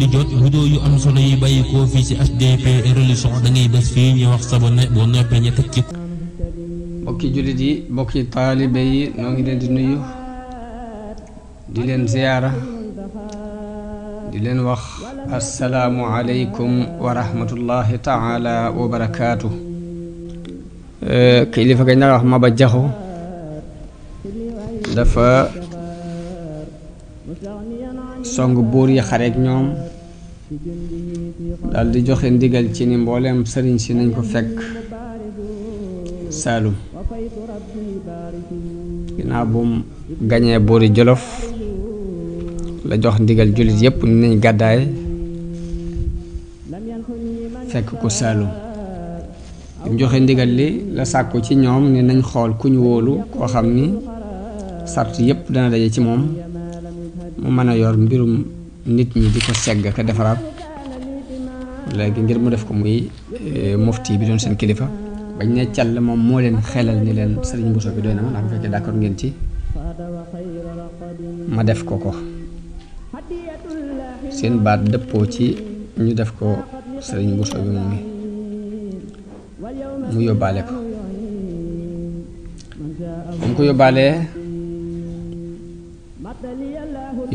di jot hudo yu am solo yi bàyyi koo fii ci HDP religion da ngay def fi ñu wax ne bo noppé ñu teg ci bokki julit yi bokki talibé yi no ngi leen di nuyu di leen ziyara di leen wax assalamu alaykum wa rahmatullahi taala wa barakatuh euh kilifa gëna wax ma ba jaxo dafa song buur yi xareek ñoom daldi joxe ndigal ci ni mbooleem sëriñ si nañ ko fekk Saalum ginnaaw bu mu gañee buuri Jolof la jox ndigal jullit yépp ni nañ gàddaay fekk ko Saalum mu joxe ndigal li la sàkku ci ñoom ni nañ xool ku ñu wóolu koo xam ni sart yépp dana daje ci moom mu mën a yor mbirum nit ñi di ko segg ka defaraat léegi ngir mu def ko muy eh, mufti bi doon seen kilifa bañ ne càll moom moo leen xelal ni leen sëriñ Bousso bi doy na ma ndax bu fekkee d'accord ngeen ci ma def ko ko seen baat dëppoo ci ñu def ko sëriñ Bousso bi moom mi mu yóbbaale ko mu ko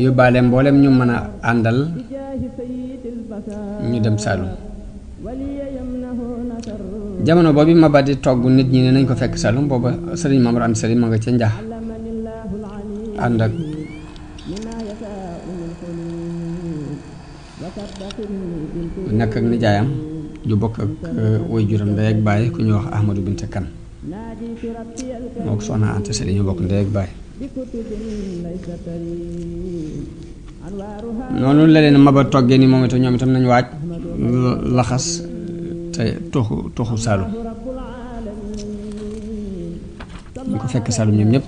yóbbaale mboolem ñu mën a àndal ñu dem Saalum jamono boobu Maba di togg nit ñi ne nañ ko fekk Saalum booba sëriñ Mamour Anta Sali ma nga ca njaax ànd ak nekk ak nijaayam ju bokk ak uh, woy juram ndey ak bàyyi ku ñuy wax Ahmadou Binta Kan moo ko soxna Anta Sali ñu bokk ndey ak bàyyi بكتب ليست noonu la leen maba toggee ni moom itam ñoom itam nañu waaj laxas te toxu toxu saalum ñu ko fekk saalum ñoom ñëpp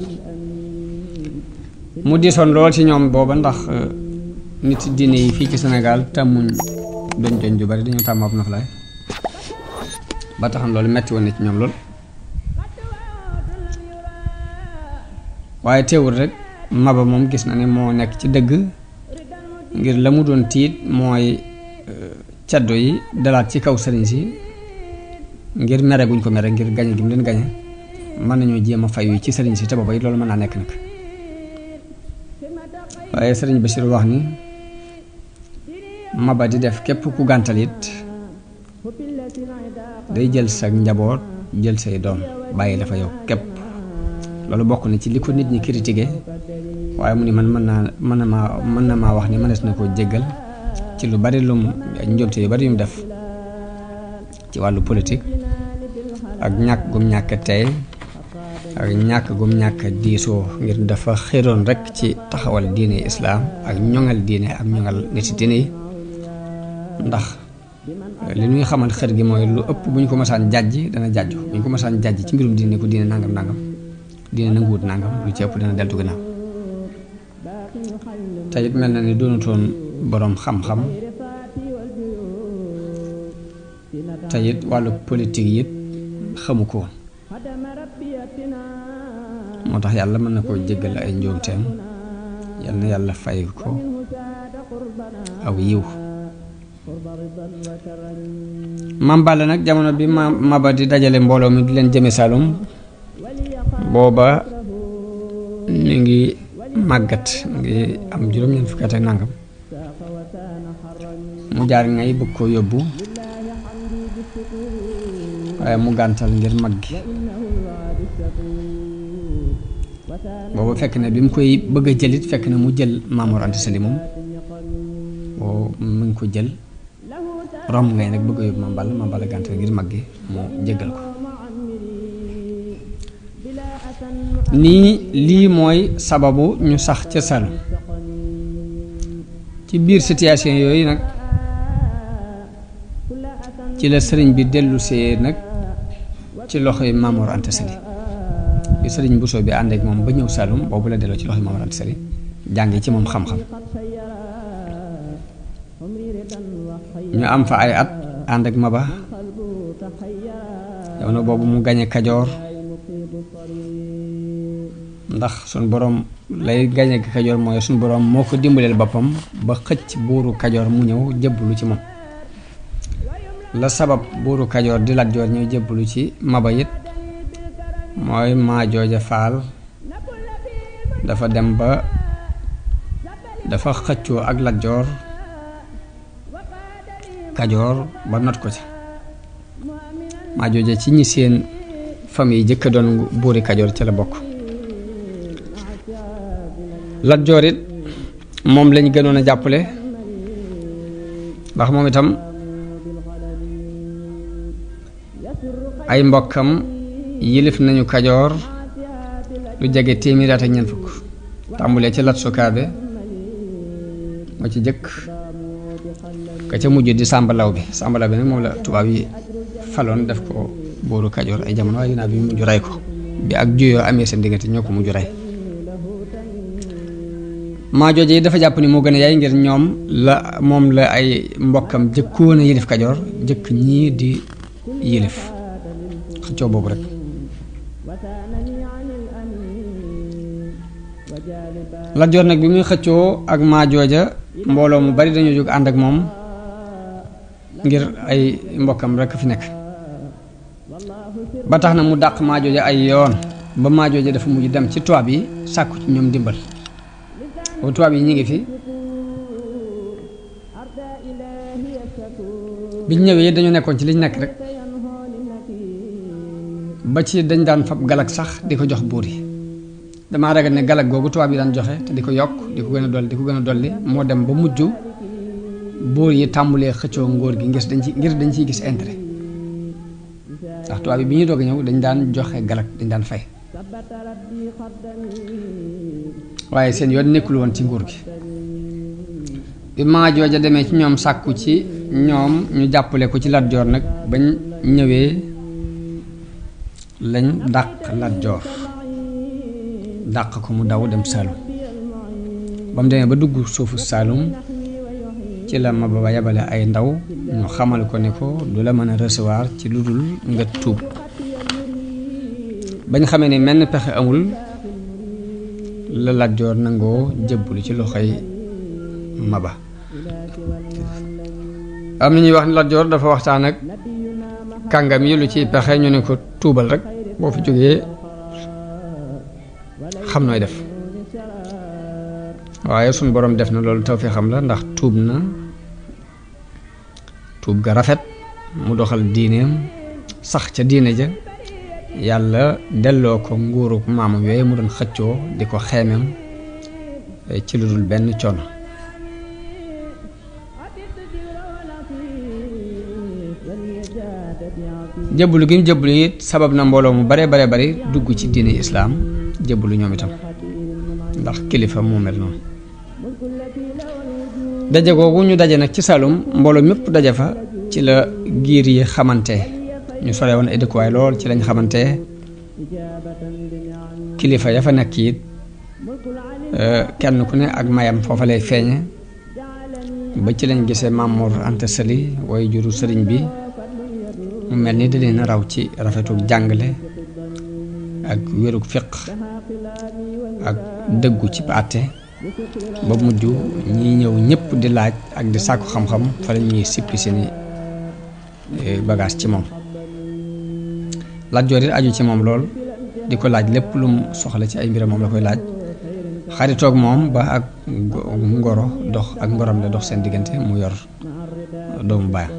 mu diisoon lool ci ñoom booba ndax eh, nit diine yi fii ci Sénégal tàmmuñ doñ doñ ju bari dañu tàmm ab ba taxam loolu metti waaye teewul rek maba moom gis na ne moo nekk ci dëgg ngir la mu doon tiit mooy euh, caddo yi dalaat ci kaw sëriñ si ngir mere guñ ko mere ngir gañe gi mu leen gañe mën nañoo jéem a fayu ci sëriñ si te booba it loolu mën naa nekk nag waaye sëriñ Bachir wax ni maba di def képp ku gàntal it day jël sa njaboot jël say doom bàyyi dafa yow képp loolu bokk na ci li ko nit ñi critiqué waaye mu ni man mën naa mën na maa mën na maa wax ni mënees na koo jéggal ci lu bari lum njóobte yu bari yu mu def ci wàllu politique ak ñàkk gum ñàkk tey ak ñàkk gum ñàkk diisoo ngir dafa xëroon rek ci taxawal diine Islam, ak ñongal diine ak ñongal nit diine yi ndax li ñuy xamal xër gi mooy lu ëpp bu ko mësaan jajj dana jajj bu ñu ko mësaan jajj ci mbirum diine ko diine nangam nangam dina nanguwut nangam lu dana deltu ginnaaw te it mel na ni doonutoon boroom xam-xam te it wàllu politique yi xamu ko moo tax yàlla mën na koo jéggal ay njuumteem yal na yàlla fay ko aw yiw Mame nag jamono bi ma maba di dajale mbooloo mi di leen jëme Saloum booba mi ngi màggat ngi am juróom-ñeent fukki ak nangam mu jaar ngay bëgg koo yóbbu waaye mu gàntal ngir mag gi booba fekk na bi mu koy bëgg a jëlit fekk na mu jël Maamoor Anta Sali moom boo mu ngi ko jël romb ngay nag bëgg a yóbbu mambal Balla gàntal ngir mag mu jéggal ko ni li moy sababu ñu sax ca sal ci bir situation yoy nak ci la serigne bi se nak ci loxoy mamour Anta Sali bi serigne Bousso bi ande ak mom ba ñew salum bobu la delloo ci loxoy mamour Anta Sali jànge ci mom xam-xam ñu am fa ay at ande ak Maba yow na bobu mu kadior ndax sun borom lay gañe kajor moy sun borom moko dimbalel bopam ba xëcc buru kajor mu ñew jébbalu ci mom la sabab buru kajor di lat jor ñew jébbalu ci maba it mooy maa jooja faal dafa dem ba dafa xëccoo ak lat jor kajor ba not ko ci ma jojja ci ñi seen famille jëk doon buru kajor ci la bokku Lat Joor it moom lañ gënoon a jàppale ndax moom itam ay mbokkam yilif nañu kajoor lu jege téeméeri at ak ñeent fukk tàmbulee ci Lat Sukaabe moo ci jëkk ka ca mujj di sàmbalaw bi sàmbalaw bi nag moom la tubaab yi faloon def ko booru kajoor ay jamono waaye ginnaaw bi mujj rey ko bi ak juyoo amee seen diggante ñoo ko mujj rey maa jooje yi dafa jàpp ni moo gën a yaay ngir ñoom la moom la ay mbokkam jëkkoon a yilif kajoor jëkk ñii di yilif xëccoo boobu rek Lat Joor nag bi muy xëccoo ak maa jooja mbooloo mu bari dañu jóg ànd ak moom ngir ay mbokkam rek fi nekk ba tax na mu dàq maa jooja ay yoon ba maa jooja dafa mujj dem ci tubaab yi sàkku ci ñoom dimbal boobu tubaab yi ñu ngi fi biñ ñëwee dañu nekkoon ci liñ nekk rek ba ci dañ daan fab galak sax di ko jox buur yi damaa ragal ne galak googu tubaab yi daan joxe te di ko yokk di ko gën a dolli di ko gën a dolli moo dem ba mujj buur yi tàmbulee xëccoo ngóor gi ngir dañ ci ngir dañ ciy gis intérêt ndax tubaab yi bi ñuy doog ñëw dañ daan joxe galak dañ daan fay waaye seen yoon nekkul woon ci nguur gi bi maa jooja demee ci ñoom sàkku ci ñoom ñu jàppale ko ci Lat Joor nag ba ñëwee lañ dàq Lat dàq ko mu daw dem Saalum ba mu demee ba dugg suufu Saalum ci la Maba Ba yebale ay ndaw ñu xamal ko ne ko du la mën a recevoir ci lu dul nga tuub bañ xamee ne menn pexe amul la Lat Joor nangoo jëbbulu ci loxoy Maba am na ñuy wax ne Lat Joor dafa waxtaan ak kàngam yi lu ciy pexe ñu ne ko tuubal rek boo fi jógee xam nooy def waaye suñ borom def na loolu taw fi xam la ndax tuub na tuub ga rafet mu doxal diineem sax ca diine ja yàlla delloo ko nguurug maamam yooyu mu doon xëccoo di ko xeemeem eh, ci lu dul benn coono jëbbalu gi mu jëbbalu it sabab na mbooloo mu bare bare bari dugg ci diine islaam jëbbalu ñoom itam ndax kilifa moo mel noonu daje googu ñu daje nag ci salum mbooloo mépp daje fa ci la giir yi xamante ñu sore woon ay lool ci lañ xamante kilifa ya fa nekk it euh, kenn ku ne ak mayam foofa lay feeñe ba ci lañ gisee Mamour Anta Sali way juru sëriñ bi mu mel ni da leen raw ci rafetu jàngale ak wérug fiq ak dëggu ci àtte ba mujj ñi ñëw ñëpp di laaj ak di sàkku xam-xam fa la sippi seeni euh, bagage ci moom Lat Joor it aju ci moom lool di ko laaj lépp lu mu soxla ci ay mbiram moom la koy laaj xaritoog moom ba ak ngoro dox ak ngorom la dox seen diggante mu yor doomu baayam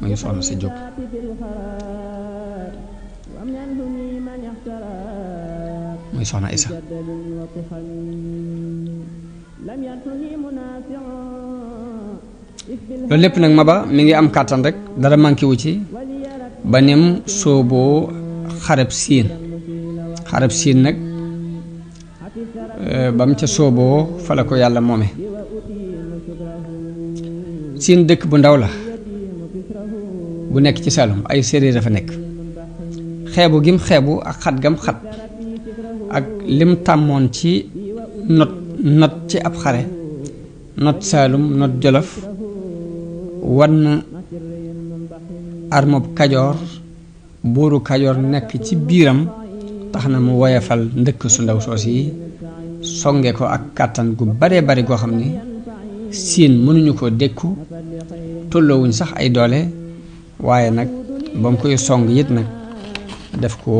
ngi hmm. soxna si jóg muy soxna Isa loolu lépp nag Maba mi ngi am kàttan rek dara manqué wu ci ba nem sooboo xarab siin xarab siin nag euh, bam ca sooboo fa la ko yàlla moome siin dëkk bu ndaw la bu nekk ci Saloum ay séeréer dafa nekk xeebu gim xeebu ak xat gam xat ak lim tàmmoon ci not not ci ab xare not Saloum not Jolof wan na armob kajoor buuru kajoor nekk ci biiram tax na mu woyafal ndëkk su ndaw soos yi songe ko ak kàttan gu bare bari goo xam ne siin mënuñu ko dékku tolloowuñ sax ay doole waaye nag ba mu koy song yit nag daf ko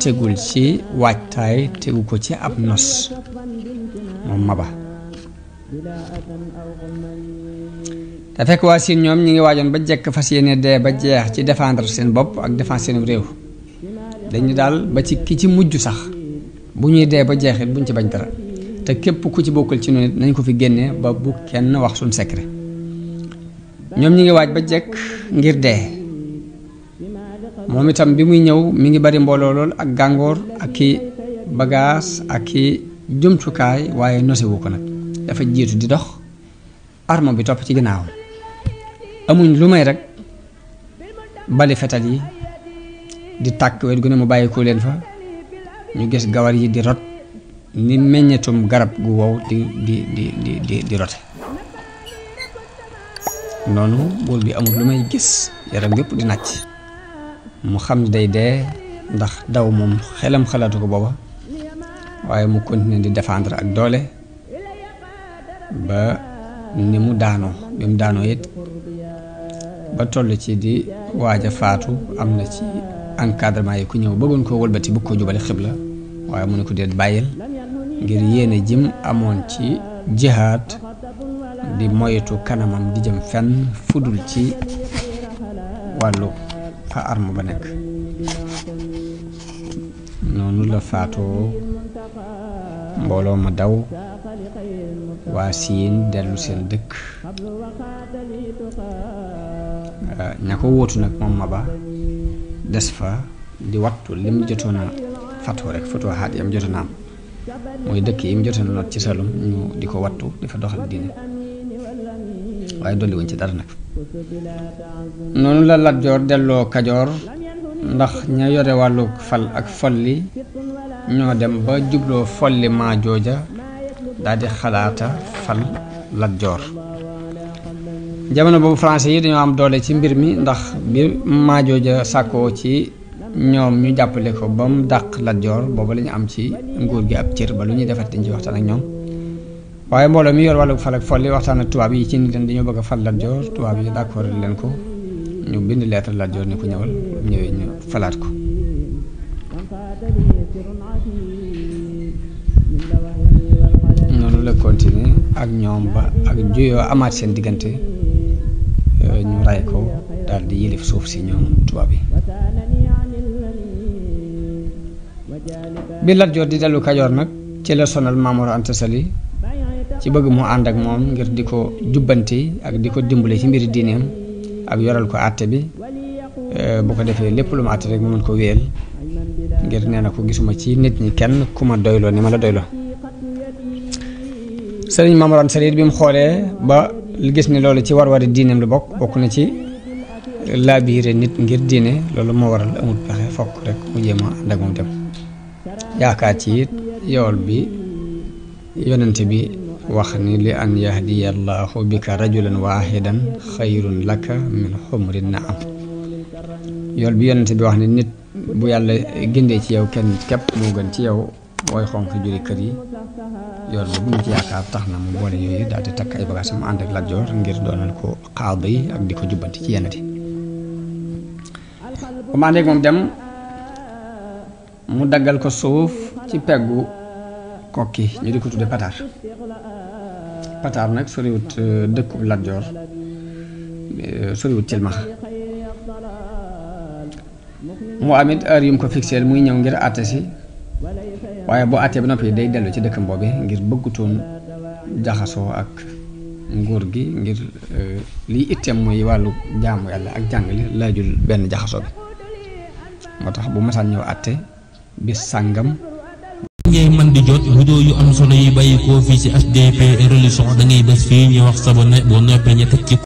tegul ci waajtaay tegu ko ci ab nos moom maba te fekk waa siin ñoom ñi ngi waajoon ba jekk fas yéene dee ba jeex ci défendre seen bopp ak défendre seen réew dañu daal ba ci ki ci mujj sax bu ñuy dee ba jeexit buñ ci bañ dara te képp ku ci bokkal ci noonu nañ ko fi génnee ba bu kenn wax suñ secret ñoom ñi ngi waaj ba jekk ngir dee moom itam bi muy ñëw mi ngi bari mbooloo lool ak gàngoor ak ki bagage ak ki jumtukaay waaye nosewu ko nag dafa jiitu di dox arme bi topp ci ginnaawam amuñ lu may rekk bali fetal yi di tàkk wet gu ne mu bàyyi ko leen fa ñu gis gawar yi di rot ni meññetum garab gu wow di di di di rote noonu buur bi amul lu may gis yaram yépp di nàcc mu xam ni day dee ndax daw moom xelam xalaatu ko booba waaye mu continuer di défendre ak doole ba ni mu daanoo bi mu daanoo it ba toll ci di waaja faatu am na ci encadrement yi ku ñëw bëggoon koo wëlbati bëgg koo jubale la waaye mu ne ko déet bàyyil ngir yéene jim amoon ci jihaat di moytu kanamam di jëm fenn fudul ci wàllu fa arme ba nekk noonu la faatoo mbooloo ma daw waa siin dellu seen dëkk euh, ña ko wóotu nag moom Maba des fa di wattu lim jotoon a fatoo rek fatoo xaat yam jotoon am mooy dëkk yi mu jotoon a ci Saalum ñu di ko wattu di doxal diine waaye dolli wuñ ci dara nag noonu la Lat Joor delloo Kajoor ndax ña yore wàllu fal ak folli ñoo dem ba jubloo folli maa jooja daldi xalaata fal Lat Joor jamono boobu français yi dañoo am doole ci mbir mi ndax bi Maajooja sàkkoo ci ñoom ñu jàppale ko ba mu dàq Lat Joor boobu la am ci nguur gi ab cër ba lu ñuy defar dañ ci waxtaan ak ñoom waaye mbooloo mi yor wàllu fal ak folli waxtaan ak tubaab yi ci ni leen dañoo bëgg a fal Lat Joor tubaab yi d'accord leen ko ñu bind lettre Lat Joor ni ko ñëwal ñëwee ñu falaat ko la continuer ak ñom ba ak juyo amat sen diggante euh, ñu ray ko dal di yelif suuf si ñom tuba bi bi la jor di dalu kajor nak ci la sonal mamour Anta Sali ci bëgg mu and ak mom ngir diko jubanti ak diko dimbulé ci mbiri diineem ak yoral ko atté bi euh, bu ko défé lépp lu ma atté rek mu mën ko wéel ngir néna ko gisuma ci nit ñi kenn kuma doylo ni ma la سرين مامور أم سرير بيم خاله با لجس من لولا تي وار وار الدين أم لبوك بكونه تي لا بير نت غير دينه لولا ما وار الأمور بره فوق رك ويما دعوم تام يا كاتير يا ربي ينتبه وخني لأن يهدي الله بك رجلا واحدا خير لك من حمر النعم يا ربي ينتبه وخني نت بو يالله غندي تي ياو كين كاب مو غن تي ياو woy xonq juri kër yi yoon boobu ñu ci yaakaar tax na mu boole yooyu daal di takk ay bagaasam ànd ak Lat ngir doonal ko xaaba yi ak di ko jubbanti ci yenn dem mu daggal ko suuf ci peggu kokki ñu di ko tudde pataar pataar nag soriwut euh, dëkku Lat Joor euh, soriwut cilmax mu amit ko fixeel muy ñëw ngir àtte waaye boo àttee ba noppi day dellu ci dëkkam boobee ngir bëggutoon jaxasoo ak nguur gi ngir euh, liy itteem mooy wàllu jaamu yàlla ak jàng jàngale laajul benn jaxasoo bi moo tax bu masaan ñëw àtte bi sàngam ngay man di jot vidéo yu am solo yi bàyyi koo fii ci HDP religion da bés fii ñu wax sabone boo noppee ñu teg